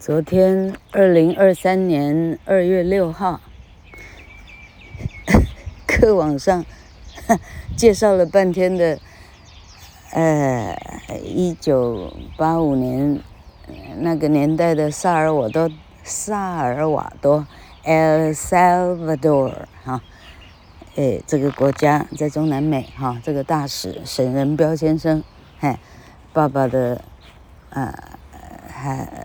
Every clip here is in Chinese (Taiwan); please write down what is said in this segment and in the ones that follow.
昨天二零二三年二月六號，課網上介紹了半天的，呃，一九八五年那個年代的薩爾瓦多，薩爾瓦多，El Salvador，哈、啊，哎，這個國家在中南美，哈、啊，這個大使沈仁彪先生，哎，爸爸的，呃、啊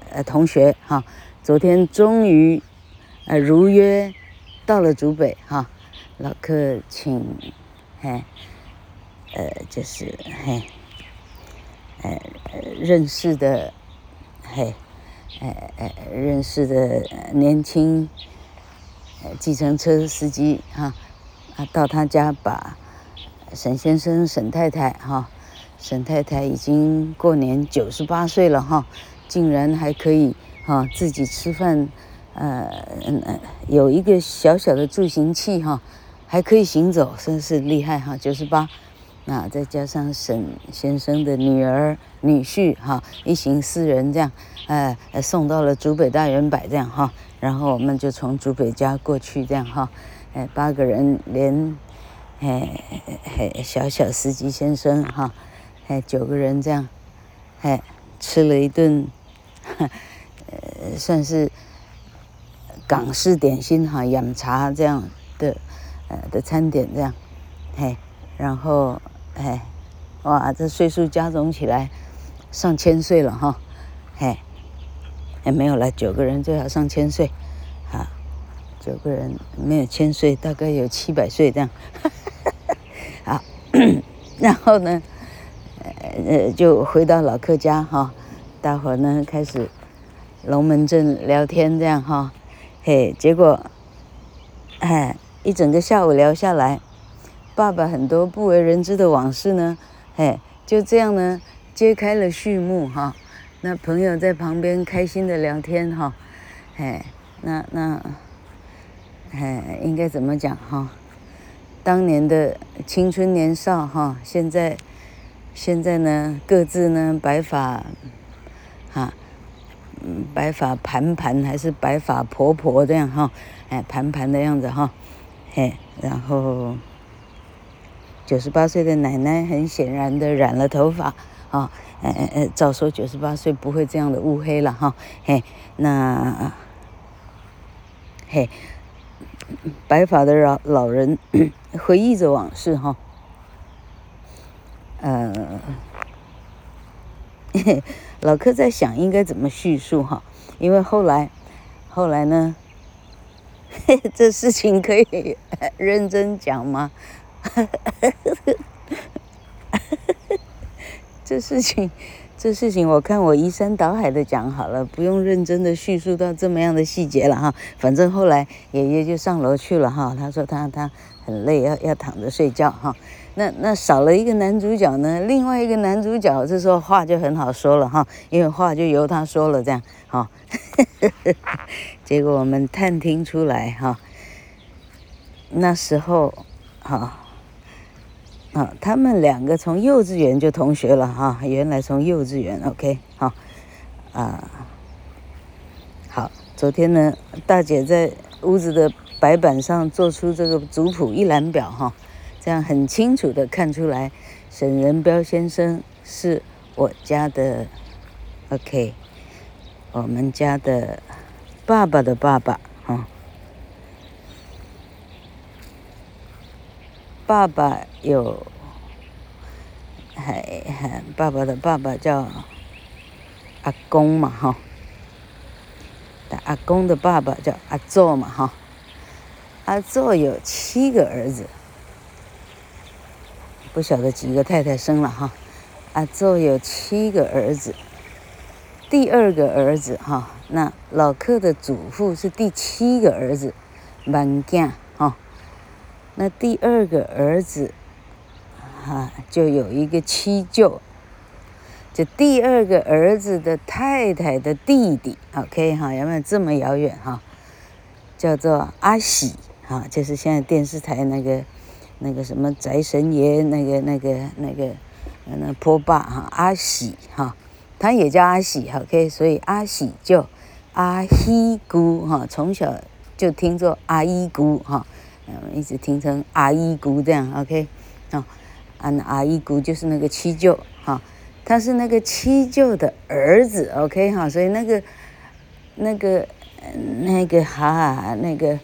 呃，同學哈、啊，昨天終於呃如約到了竹北哈、啊，老客請嘿，呃就是嘿，呃認識的嘿，呃呃認識的年輕，呃，計程車司機哈，啊到他家把沈先生、沈太太哈、啊，沈太太已經過年九十八歲了哈。啊竟然還可以哈、哦，自己吃飯，呃，有一個小小的助行器哈、哦，還可以行走，真是厲害哈，九十八。那、啊、再加上沈先生的女兒、女婿哈、哦，一行四人這樣，呃，送到了竹北大圓擺這樣哈、哦，然後我們就從竹北家過去這樣哈、哦哎，八個人連哎，哎，小小司機先生哈、哦，哎，九個人這樣，哎，吃了一頓。哈，呃， 算是港式點心哈，飲茶這樣的，呃的餐點這樣，嘿，然後嘿，哇，這歲數加總起來上千歲了哈，嘿，也沒有了，九個人最好上千歲，啊，九個人沒有千歲，大概有七百歲這樣 好，好， 然後呢，呃，就回到老客家哈。大夥呢，開始龍門陣聊天，這樣哈、哦，嘿，結果，哎，一整個下午聊下來，爸爸很多不為人知的往事呢，嘿、哎，就這樣呢，揭開了序幕哈、哦。那朋友在旁邊開心地聊天哈，嘿、哦哎，那那，嘿、哎，應該怎麼講哈、哦？當年的青春年少哈、哦，現在現在呢各自呢白髮。啊，嗯、白髮盤盤還是白髮婆婆這樣哈、哦，哎，盤盤的樣子哈、哦，嘿，然後九十八歲的奶奶很顯然的染了頭髮啊、哦，哎哎哎，照說九十八歲不會這樣的烏黑了哈、哦，嘿，那、啊、嘿，白髮的老老人 回憶着往事哈，嘿、哦。呃 老柯在想應該怎麼敘述哈，因為後來，後來呢，這事情可以認真講嗎？這事情。這事情我看我移山倒海的講好了，不用認真的敘述到這麼樣的細節了哈。反正後來爺爺就上樓去了哈，他說他他很累，要要躺着睡覺哈。那那少了一個男主角呢，另外一個男主角這時候話就很好說了哈，因為話就由他說了這樣哈。結果我們探聽出來哈，那時候哈。啊，他們兩個從幼稚園就同學了哈。原來從幼稚園，OK，好，啊，好。昨天呢，大姐在屋子的白板上做出這個族譜一覽表哈，這樣很清楚的看出來，沈仁彪先生是我家的，OK，我們家的爸爸的爸爸，啊。爸爸有，哎哎，爸爸的爸爸叫阿公嘛哈，哦、但阿公的爸爸叫阿祖嘛哈、哦，阿祖有七個兒子，不曉得幾個太太生了哈、哦，阿祖有七個兒子，第二個兒子哈、哦，那老客的祖父是第七個兒子，萬鏡。那第二個兒子，哈、啊，就有一個妻舅，就第二個兒子的太太的弟弟，OK 哈、啊，有沒有這麼遙遠哈？叫做阿喜哈、啊，就是現在電視台那個那個什麼宅神爺那個那個那個那坡、個、爸哈，阿、啊、喜哈、啊，他也叫阿喜 OK，所以阿喜叫阿依姑哈，從、啊、小就聽作阿依姑哈。啊一直聽成阿依姑這樣，OK，啊阿依姑就是那個七舅，哈、哦，他是那個七舅的兒子，OK，哈、哦，所以那個那個那個，哈哈哈，那個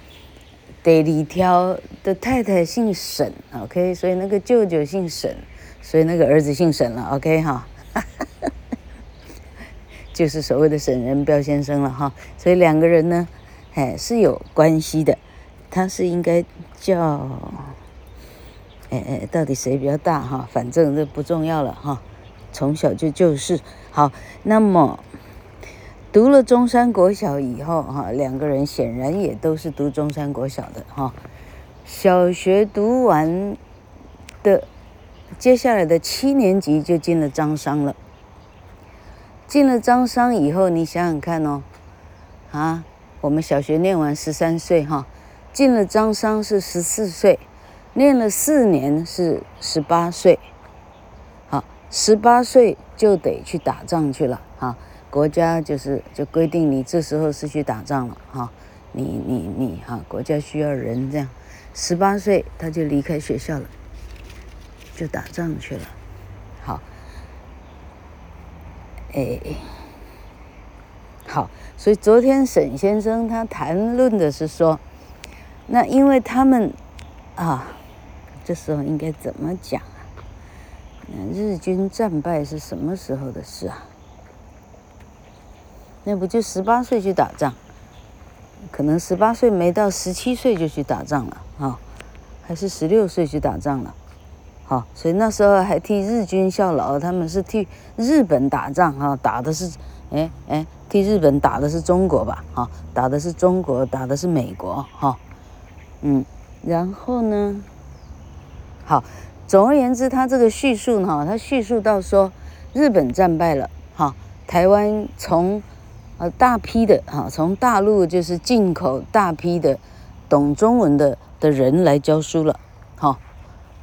戴里挑的太太姓沈，OK，所以那個舅舅姓沈，所以那個兒子姓沈了，OK，哈、哦，哈哈哈哈就是所謂的沈仁彪先生了，哈、哦，所以兩個人呢，哎，是有關係的。他是應該叫哎哎，到底誰比較大哈？反正這不重要了哈。從小就就是好。那麼讀了中山國小以後哈，兩個人顯然也都是讀中山國小的哈。小學讀完的，接下來的七年級就進了張商了。進了張商以後，你想想看哦，啊，我們小學念完十三歲哈。進了張商，商是十四歲，念了四年是十八歲，好，十八歲就得去打仗去了哈。國家就是就規定你這時候是去打仗了哈，你你你哈，國家需要人這樣，十八歲他就離開學校了，就打仗去了。好，哎，好，所以昨天沈先生他談論的是說。那因為他們，啊，這時候應該怎麼講啊？日軍戰敗是什麼時候的事啊？那不就十八歲去打仗，可能十八歲沒到十七歲就去打仗了，哈、啊，還是十六歲去打仗了，好、啊，所以那時候還替日軍效勞，他們是替日本打仗，哈、啊，打的是，哎哎，替日本打的是中國吧，哈、啊，打的是中國，打的是美國，哈、啊。嗯，然後呢？好，總而言之，他這個敘述呢，他敘述到說，日本戰敗了，哈，台灣從，呃，大批的哈，從大陸就是進口大批的懂中文的的人來教書了，哈，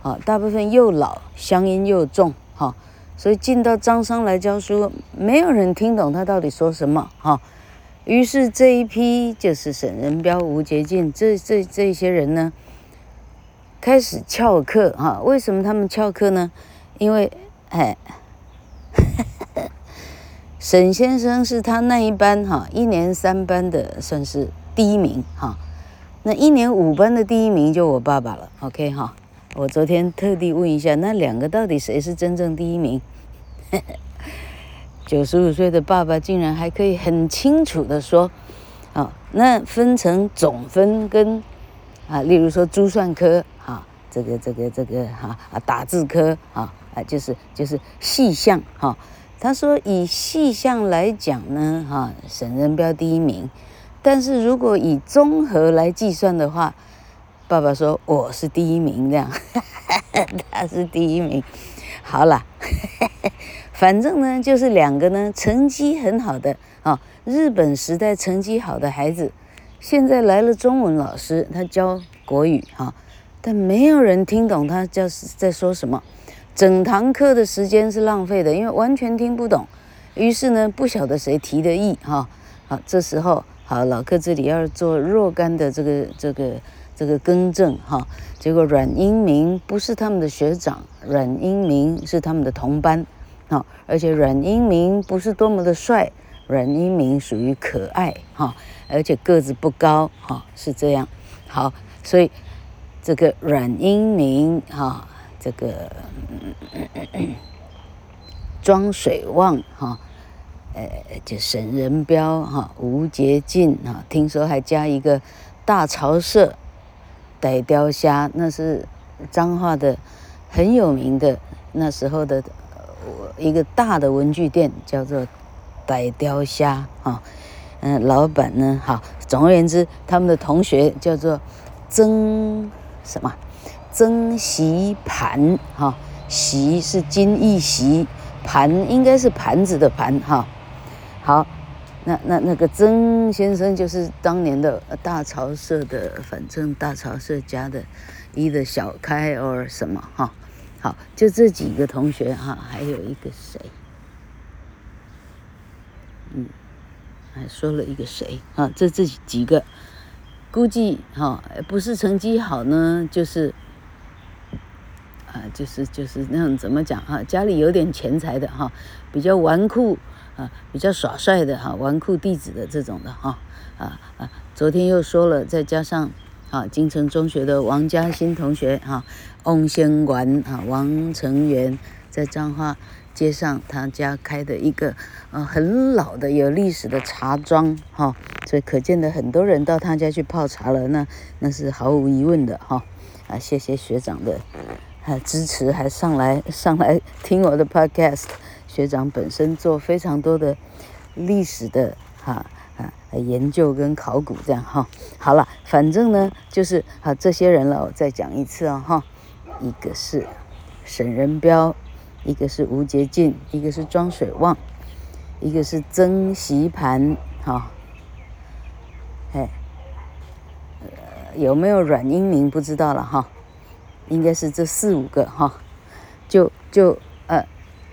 好，大部分又老，鄉音又重，哈，所以進到張商來教書，沒有人聽懂他到底說什麼，哈。於是這一批就是沈仁彪吳捷徑，這這這些人呢，開始翹課哈、啊。為什麼他們翹課呢？因為哎呵呵，沈先生是他那一班哈，一年三班的算是第一名哈。那一年五班的第一名就我爸爸了。OK 哈，我昨天特地問一下，那兩個到底誰是真正第一名？呵呵九十五歲的爸爸竟然還可以很清楚的說，哦，那分成總分跟啊，例如說珠算科啊，這個這個這個哈啊打字科啊啊，就是就是細項哈。他說以細項來講呢哈，沈仁標第一名，但是如果以綜合來計算的話，爸爸說我是第一名，這樣呵呵，他是第一名，好啦。呵呵反正呢，就是兩個呢，成績很好的啊、哦，日本時代成績好的孩子，現在來了中文老師，他教國語哈、哦，但沒有人聽懂他叫在說什麼，整堂課的時間是浪費的，因為完全聽不懂。於是呢，不曉得誰提的議哈，好、哦，這時候好老客這裡要做若干的這個這個這個更正哈、哦，結果阮英明不是他們的學長，阮英明是他們的同班。哦，而且阮英明不是多麼的帥，阮英明屬於可愛哈，而且個子不高哈，是這樣。好，所以這個阮英明哈，這個莊水旺哈，呃，就沈仁彪哈，吳捷進哈，聽說還加一個大潮社，逮雕蝦，那是彰化的很有名的，那時候的。一個大的文具店叫做“白雕蝦”哈、哦，嗯，老闆呢好，總而言之，他們的同學叫做曾什麼曾習盤哈、習、哦、是金義習，盤應該是盤子的盤哈、哦。好，那那那個曾先生就是當年的大潮社的，反正大潮社家的一的小開 or 什麼哈。哦好，就這幾個同學哈、啊，還有一個誰，嗯，還說了一個誰哈，啊、這這幾幾個，估計哈、啊，不是成績好呢，就是，啊，就是就是那種怎麼講哈、啊，家裡有點錢財的哈、啊，比較紈絝啊，比較耍帥的哈，紈絝弟子的這種的哈，啊啊，昨天又說了，再加上。啊，金城中學的王嘉欣同學哈，翁先元啊，王成元在彰化街上，他家開的一個嗯，很老的有歷史的茶莊哈，所以可見的很多人到他家去泡茶了，那那是毫無疑問的哈。啊，謝謝學長的啊支持，還上來上來聽我的 podcast，學長本身做非常多的歷史的哈。啊，研究跟考古這樣哈，好了，反正呢就是啊這些人了，我再講一次啊哈，一個是沈仁彪，一個是吳捷進，一個是莊水旺，一個是曾習盤哈，哎、呃，有沒有阮英明不知道了哈，應該是這四五個哈，就就呃。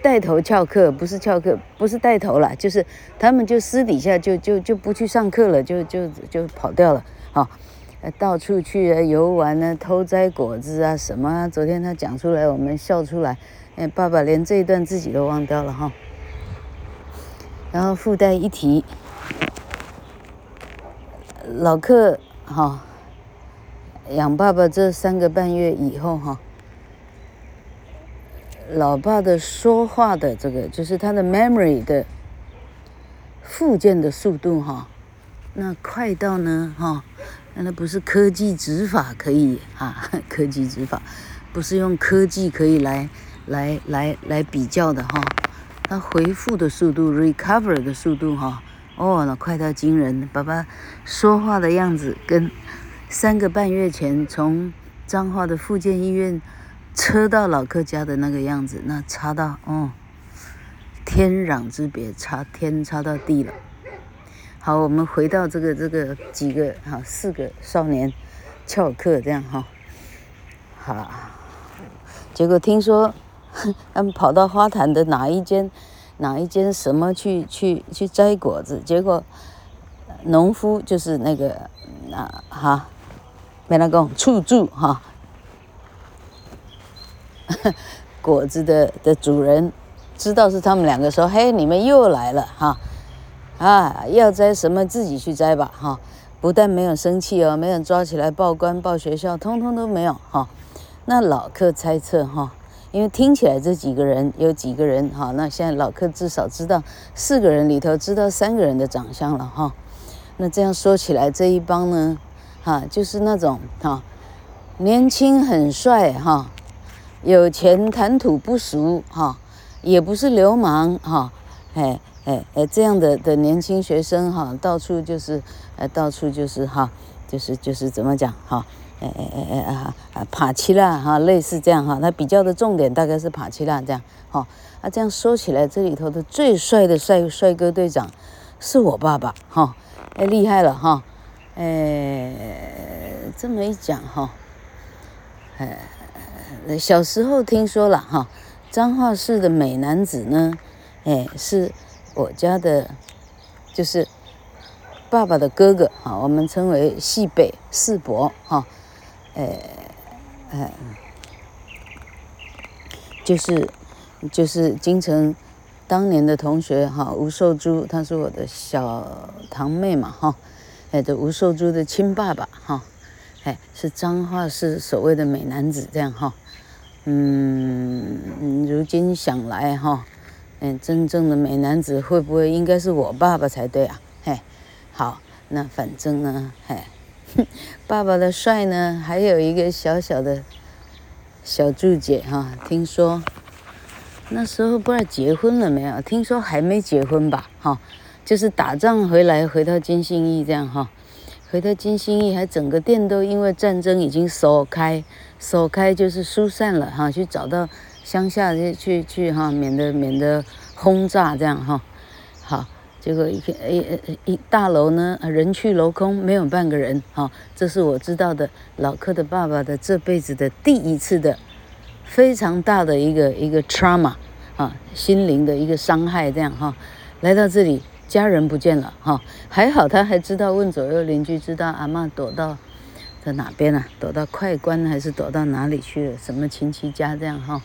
帶頭翹課不是翹課，不是帶頭了，就是他們就私底下就就就不去上課了，就就就跑掉了啊！到處去、啊、遊玩呢、啊，偷摘果子啊什麼啊？昨天他講出來，我們笑出來。哎，爸爸連這一段自己都忘掉了哈、哦。然後附帶一提，老客哈養爸爸這三個半月以後哈。哦老爸的說話的這個，就是他的 memory 的復健的速度哈、哦，那快到呢哈，那、哦、那不是科技執法可以啊，科技執法不是用科技可以來來來來比較的哈、哦，他回復的速度，recover 的速度哈、哦，哦，那快到驚人，爸爸說話的樣子跟三個半月前從彰化的復健醫院。車到老客家的那個樣子，那差到哦，天壤之別，差天差到地了。好，我們回到這個這個幾個哈、哦、四個少年翹課這樣哈、哦，好，結果聽說他們跑到花壇的哪一間，哪一間什麼去去去摘果子？結果農夫就是那個啊哈、啊，沒那個，處住哈。啊果子的的主人，知道是他們兩個，說：“嘿，你們又來了哈、啊，要摘什麼自己去摘吧哈、啊。不但沒有生氣哦，沒有抓起來報官報學校，通通都沒有哈、啊。那老客猜測哈、啊，因為聽起來這幾個人有幾個人哈、啊，那現在老客至少知道四個人裡頭知道三個人的長相了哈、啊。那這樣說起來，這一幫呢哈、啊，就是那種哈、啊，年輕很帥哈。啊”有錢談吐不俗哈、哦，也不是流氓哈、哦，哎哎哎這樣的的年輕學生哈，到處就是，哎到處就是哈、啊，就是就是怎麼講哈、哦，哎哎哎哎啊啊帕奇拉哈，類似這樣哈，他比較的重點大概是帕奇拉這樣哈、哦，啊這樣說起來這裡頭的最帥的帥帥哥隊長是我爸爸哈、哦，哎厲害了哈、哦，哎這麼一講哈、哦，哎。小時候聽說了哈，彰化市的美男子呢，哎，是我家的，就是爸爸的哥哥啊，我們稱為西北四伯哈，哎哎，就是就是京城當年的同學哈，吳壽珠，他是我的小堂妹嘛哈，這、哎、吳壽珠的親爸爸哈，哎，是彰化市所謂的美男子這樣哈。嗯，如今想來哈，嗯，真正的美男子會不會應該是我爸爸才對啊？嘿，好，那反正呢，嘿，哼，爸爸的帥呢，還有一個小小的，小注解哈。聽說那時候不知道結婚了沒有？聽說還沒結婚吧？哈，就是打仗回來回到金星義這樣哈。回到金星一，還整個店都因為戰爭已經鎖開，鎖開就是疏散了哈、啊，去找到鄉下去去去哈、啊，免得免得轟炸這樣哈、啊。好，結果一個一一大樓呢，人去樓空，沒有半個人哈、啊。這是我知道的，老克的爸爸的這輩子的第一次的非常大的一個一個 trauma 啊，心靈的一個傷害這樣哈、啊。來到這裡。家人不見了哈、哦，還好他還知道問左右鄰居，知道阿嬤躲到在哪邊啊？躲到快關還是躲到哪裡去了？什麼親戚家這樣哈、哦？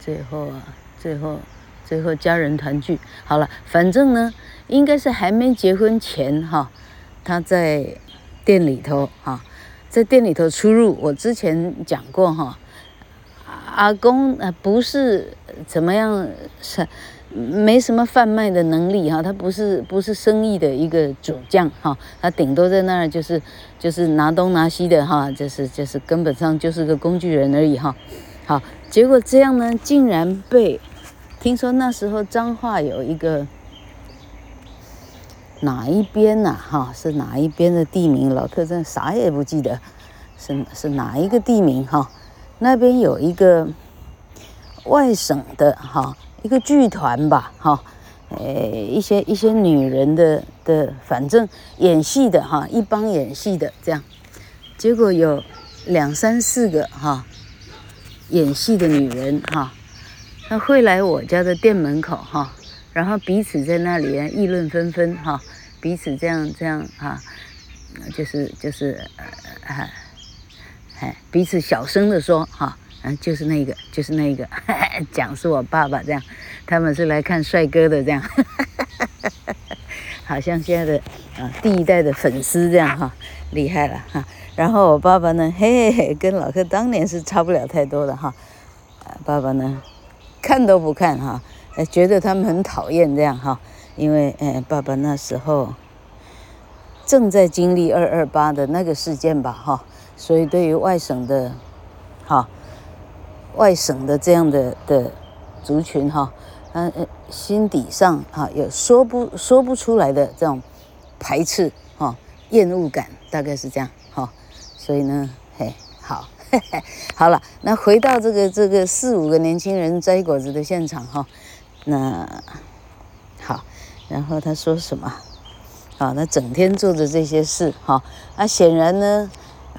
最後啊，最後，最後家人團聚好了。反正呢，應該是還沒結婚前哈、哦，他在店裡頭哈、哦，在店裡頭出入。我之前講過哈、哦，阿公啊，不是怎麼樣是。沒什麼販賣的能力哈，他不是，不是生意的一個主將哈，他頂多在那兒就是，就是拿東拿西的哈，就是，就是根本上就是個工具人而已哈。好，結果這樣呢，竟然被聽說那時候彰化有一個哪一邊吶、啊、哈，是哪一邊的地名，老客真啥，也不記得，是，是哪一個地名哈，那邊有一個外省的哈。一個劇團吧，哈，誒，一些一些女人的的，反正演戲的哈，一幫演戲的這樣，結果有兩三四個哈，演戲的女人哈，她會來我家的店門口哈，然後彼此在那裡議論紛紛哈，彼此這樣這樣哈，就是就是，哎，彼此小聲地說哈。嗯、啊，就是那個，就是那個哈哈，講是我爸爸這樣，他們是來看帥哥的這樣，哈哈哈哈哈，好像現在的啊第一代的粉絲這樣哈、啊，厲害了哈、啊。然後我爸爸呢，嘿嘿，嘿，跟老哥當年是差不了太多的哈、啊。爸爸呢，看都不看哈、啊，覺得他們很討厭這樣哈、啊，因為呃、哎，爸爸那時候正在經歷二二八的那個事件吧哈、啊，所以對於外省的，哈、啊。外省的這樣的的族群，哈、哦，嗯，心底上哈有說不說不出來的這種排斥哈、哦、厭惡感，大概是這樣哈、哦。所以呢，嘿，好，嘿嘿，好了，那回到這個這個四五個年輕人摘果子的現場哈、哦，那好，然後他說什麼？好、哦，他整天做着這些事哈，那、哦啊、顯然呢。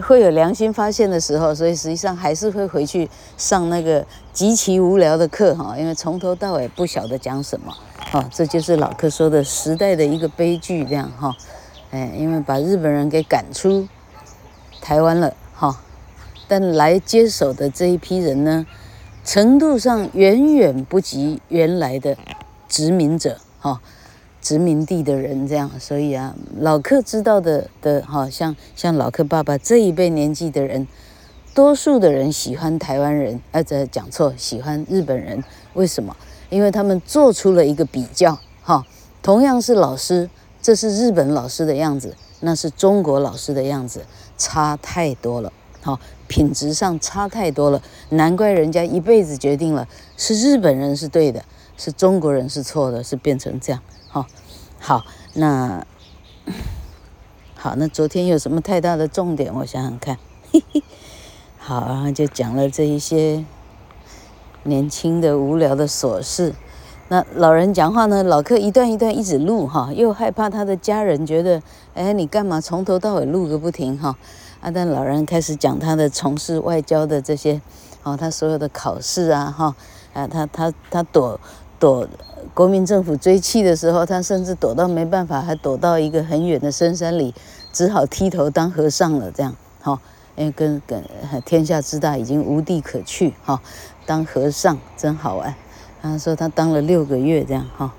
會有良心發現的時候，所以實際上還是會回去上那個極其無聊的課哈，因為從頭到尾不曉得講什麼，哈，這就是老柯說的時代的一個悲劇，這樣哈，哎，因為把日本人給趕出台灣了哈，但來接手的這一批人呢，程度上遠遠不及原來的殖民者哈。殖民地的人這樣，所以啊，老克知道的的好、哦、像像老克爸爸這一輩年紀的人，多數的人喜歡台灣人，呃這講錯，喜歡日本人。為什麼？因為他們做出了一個比較哈、哦，同樣是老師，這是日本老師的樣子，那是中國老師的樣子，差太多了，好、哦，品質上差太多了，難怪人家一輩子決定了是日本人是對的，是中國人是錯的，是變成這樣。好、哦，好，那好，那昨天有什麼太大的重點？我想想看。嘿嘿，好，啊，就講了這一些年輕的無聊的瑣事。那老人講話呢？老客一段一段一直錄哈，又害怕他的家人覺得，哎、欸，你幹嘛從頭到尾錄個不停哈？啊，但老人開始講他的從事外交的這些，哦，他所有的考試啊，哈，啊，他他他，他躲躲。國民政府追緝的時候，他甚至躲到沒辦法，還躲到一個很遠的深山裡，只好剃頭當和尚了。這樣，哈、哦，因為跟跟天下之大已經無地可去，哈、哦，當和尚真好玩。他說他當了六個月，這樣，哈、哦，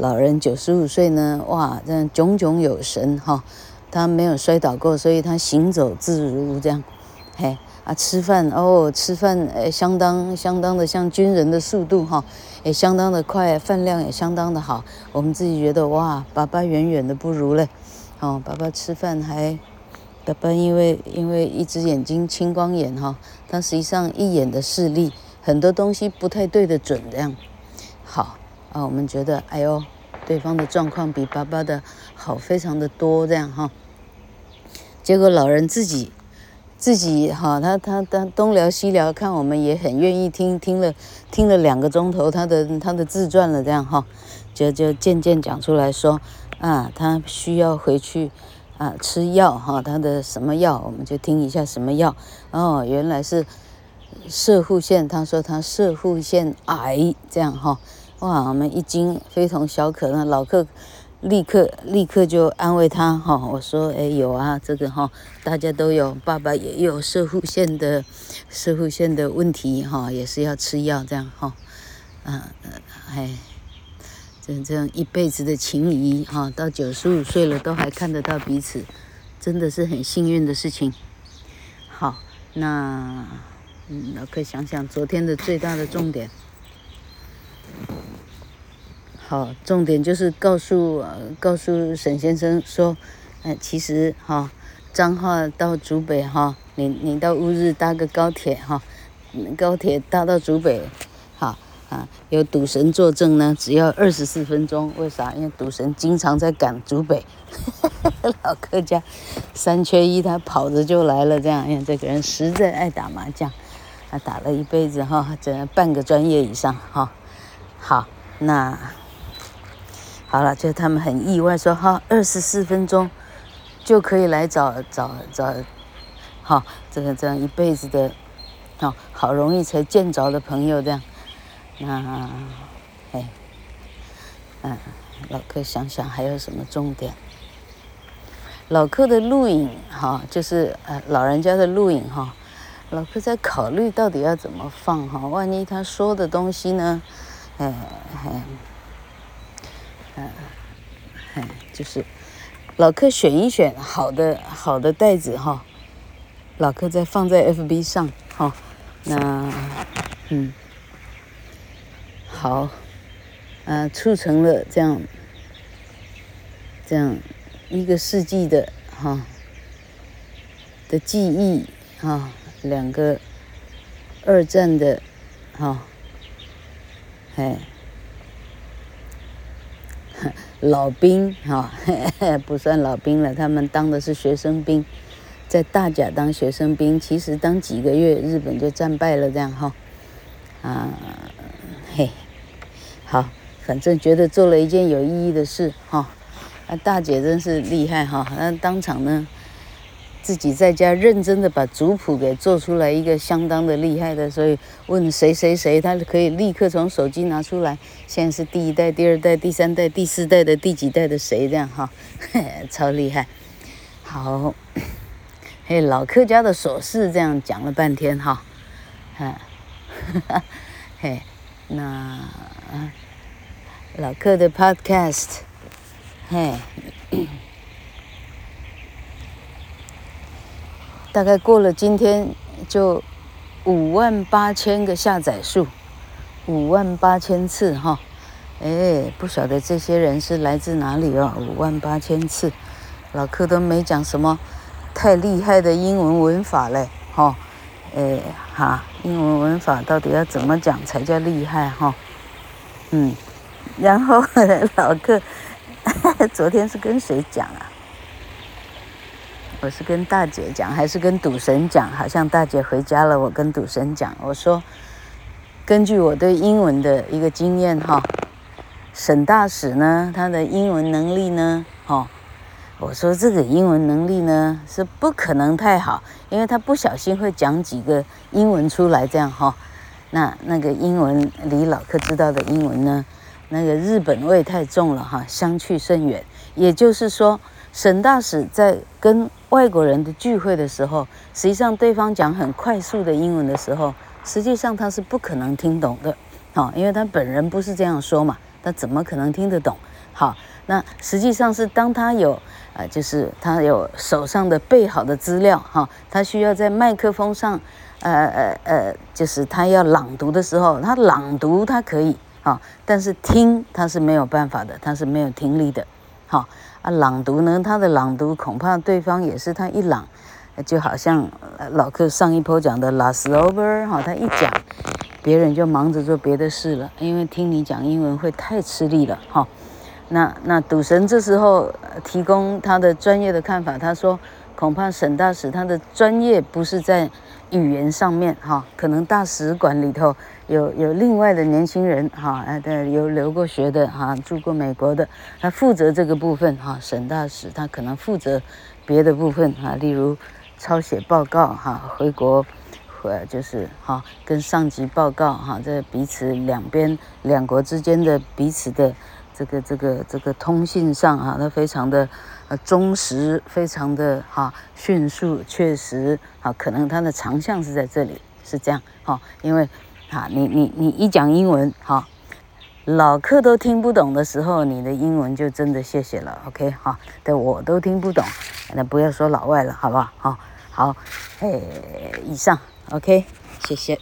老人九十五歲呢，哇，這樣炯炯有神，哈、哦，他沒有摔倒過，所以他行走自如，這樣，嘿。啊，吃飯哦，吃飯，欸、相當相當的像軍人的速度哈、哦，也相當的快，飯量也相當的好。我們自己覺得哇，爸爸遠遠的不如嘞，哦，爸爸吃飯還，爸爸因為因為一隻眼睛青光眼哈，他、哦、實際上一眼的視力，很多東西不太對的準這樣。好啊，我們覺得哎呦，對方的狀況比爸爸的好非常的多這樣哈、哦。結果老人自己。自己哈，他他他東聊西聊，看我們也很願意聽，聽了聽了兩個鐘頭，他的他的自傳了，這樣哈，就就漸漸講出來說，啊，他需要回去啊吃藥哈，他的什麼藥，我們就聽一下什麼藥，哦，原來是，攝護腺，他說他攝護腺癌，這樣哈，哇，我們一驚，非同小可，那老客。立刻，立刻就安慰他哈、哦。我說，哎，有啊，這個哈、哦，大家都有，爸爸也有攝護腺的，攝護腺的問題哈、哦，也是要吃藥這樣哈、哦。啊、呃，哎，真這樣一輩子的情誼哈、哦，到九十五歲了都還看得到彼此，真的是很幸運的事情。好，那嗯，老克想想昨天的最大的重點。好，重點就是告訴、呃、告訴沈先生說，哎，其實哈，彰、哦、化到竹北哈、哦，你你到烏日搭個高鐵哈、哦，高鐵搭到竹北，好啊，有賭神作證呢，只要二十四分鐘。為啥？因為賭神經常在趕竹北， 老客家三缺一，他跑着就來了。這樣，因為這個人實在愛打麻將，他打了一輩子哈、哦，整個半個專業以上哈、哦。好，那。好了，就他們很意外說，說哈，二十四分鐘，就可以來找找找，哈，這、哦、個這樣一輩子的、哦，好容易才見着的朋友這樣，那、啊，哎，嗯、啊，老柯想想還有什麼重點？老柯的錄影哈、哦，就是呃、啊，老人家的錄影哈、哦，老柯在考慮到底要怎麼放哈、哦，萬一他說的東西呢，哎，哎。嗯哎、啊，就是老客選一選好的好的袋子哈、哦，老客再放在 FB 上哈、哦，那嗯，好，呃、啊，促成了這樣這樣一個世紀的哈、哦、的記憶哈、哦，兩個二戰的哈，哎、哦。老兵哈、哦，不算老兵了，他們當的是學生兵，在大甲當學生兵，其實當幾個月日本就戰敗了，這樣哈、哦，啊嘿，好，反正覺得做了一件有意義的事哈，啊、哦、大姐真是厲害哈，那、哦、當場呢。自己在家認真的把族譜給做出來，一個相當的厲害的，所以問誰誰誰，他可以立刻從手機拿出來，現在是第一代、第二代、第三代、第四代的第幾代的誰這樣哈、哦，嘿，超厲害。好，嘿，老客家的瑣事這樣講了半天哈，哈、哦啊，嘿，那、啊、老客的 podcast，嘿。咳咳大概過了今天就五萬八千個下載數，五萬八千次哈，哎、哦，不曉得這些人是來自哪裡哦，五萬八千次，老柯都沒講什麼太厲害的英文文法嘞哈，哎、哦、哈，英文文法到底要怎麼講才叫厲害哈、哦？嗯，然後老柯昨天是跟誰講啊？我是跟大姐講，還是跟賭神講？好像大姐回家了，我跟賭神講。我說，根據我對英文的一個經驗，哈，沈大使呢，他的英文能力呢，哈，我說這個英文能力呢，是不可能太好，因為他不小心會講幾個英文出來，這樣哈。那那個英文，李老客知道的英文呢，那個日本味太重了，哈，相去甚遠。也就是說，沈大使在跟外國人的聚會的時候，實際上對方講很快速的英文的時候，實際上他是不可能聽懂的，好，哦，因為他本人不是這樣說嘛，他怎麼可能聽得懂？好，那實際上是當他有呃，就是他有手上的備好的資料，哦，他需要在麥克風上，呃呃呃，就是他要朗讀的時候，他朗讀他可以，哦，但是聽他是沒有辦法的，他是沒有聽力的，好，哦。啊，朗讀呢？他的朗讀恐怕對方也是他一朗，就好像老克上一波講的 last over 哈，他一講，別人就忙着做別的事了，因為聽你講英文會太吃力了哈。那那賭神這時候提供他的專業的看法，他說，恐怕沈大使他的專業不是在。語言上面哈，可能大使館裡頭有有另外的年輕人哈，哎對，有留過學的哈，住過美國的，他負責這個部分哈。沈大使他可能負責別的部分哈，例如抄寫報告哈，回國，呃就是哈跟上級報告哈，在彼此兩邊兩國之間的彼此的這個這個這個通信上哈，他非常的。呃、啊，忠實非常的哈、啊，迅速確實啊，可能他的長項是在這裡，是這樣哈、啊，因為啊，你你你一講英文哈、啊，老客都聽不懂的時候，你的英文就真的謝謝了，OK 哈、啊，對我都聽不懂，那不要說老外了，好不好？好，好，哎，以上 OK，謝謝。